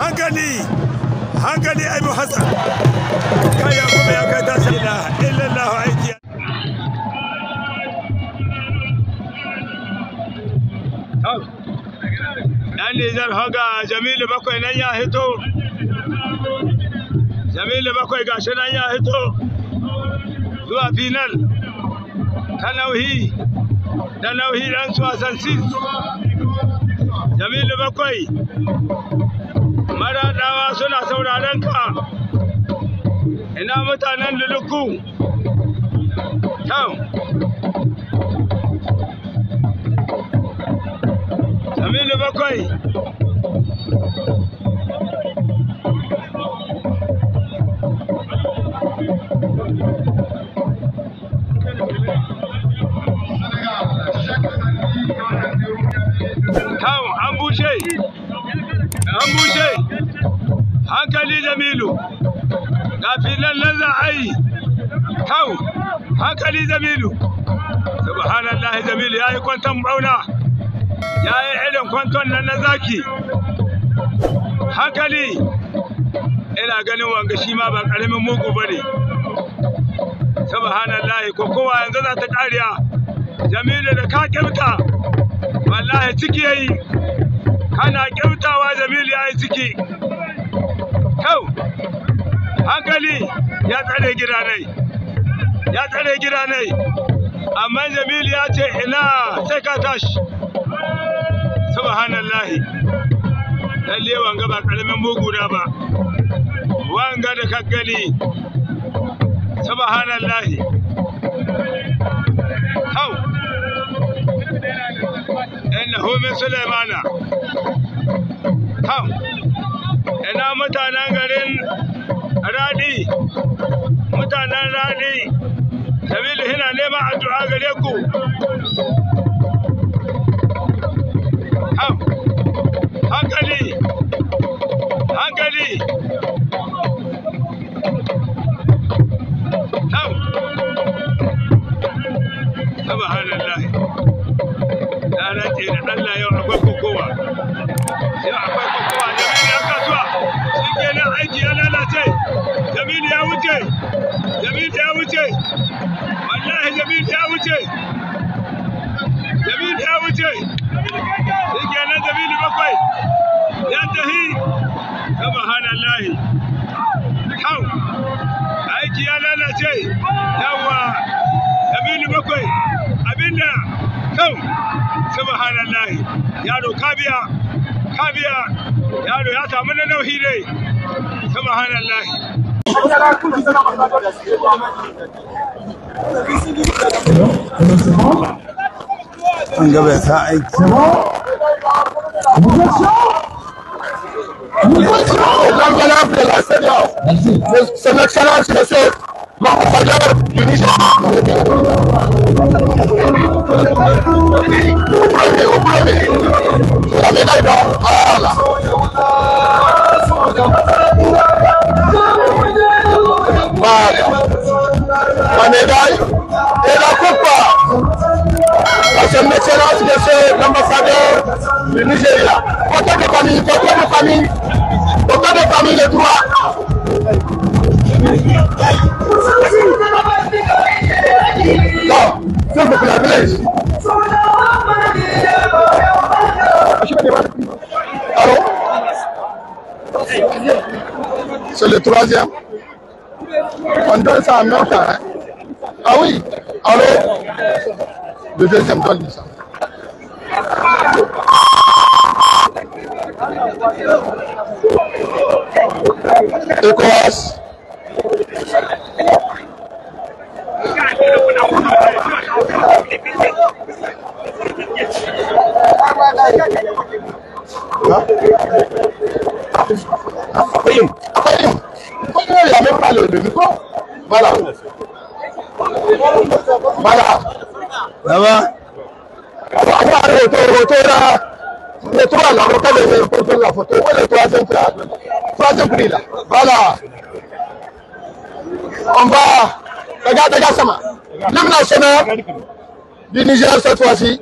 هنقلي هنقلي أبو حسن كي يقوم يا كداسينا إلا الله عيدي يعني إذا هقا جميل بكو إنيا هتو جميل بكو إقاشنا يا هتو دوا فينال كانوهي كانوهي لانسوا سنسيس جميل بكو suna sauraron ka ina mutanen Luluku town Aminu bakwai Town, an bushe, an bushe. hankali jamilu ga filan nan za a yi kawo hankali jamilu subhanallahi jamilu ya yi kwanton bauna ya yi irin kwanton nan na zaki hankali ina ganin wanga shi ma ba karamin mugu ba ne subhanallahi ko kowa yanzu za ta kariya jamilu da ka kyauta wallahi ciki yayi kana kyautawa jamilu ya yi ciki kau hankali ya tsare gida nai ya tsare gida nai amma jamilu ya ce ina sai ka tashi subhanallahi lalle wanga ba karamin bugu da ba wanga da ka gani subhanallahi kau innahu min sulaimana Hau! Ina mutanen garin Radi, mutanen Radi, Jamilu hina neman addu'a gare ku. wuce jamilu ya wuce jamilu ya wuce wallahi jamilu ya wuce jamilu ya wuce shi kenan jamilu bakwai ya tahi subhanallahi hau aiki ya lalace yawa jamilu bakwai abinda kau subhanallahi yaro kabiya ka biya yaro ya samu na nauyi dai subhanallahi an gaba ya sa aiki Son excellence, monsieur, mon compagnon, Denis La médaille et la coupe. Son Excellence, Monsieur l'ambassadeur du Nigeria. Autant de famille, autant de pour autant de famille de droits. Non, c'est pour la blesse. C'est le troisième. Condolence and milk. Uh, ah we? alors, le deuxième donne ça. ECOWAS. Hein? Hein? Pourquoi oh, il pas le, Voilà. Voilà. va là. le troisième Troisième prix là. Voilà. On va. Regarde, regarde ça. voilà, du Niger cette fois-ci.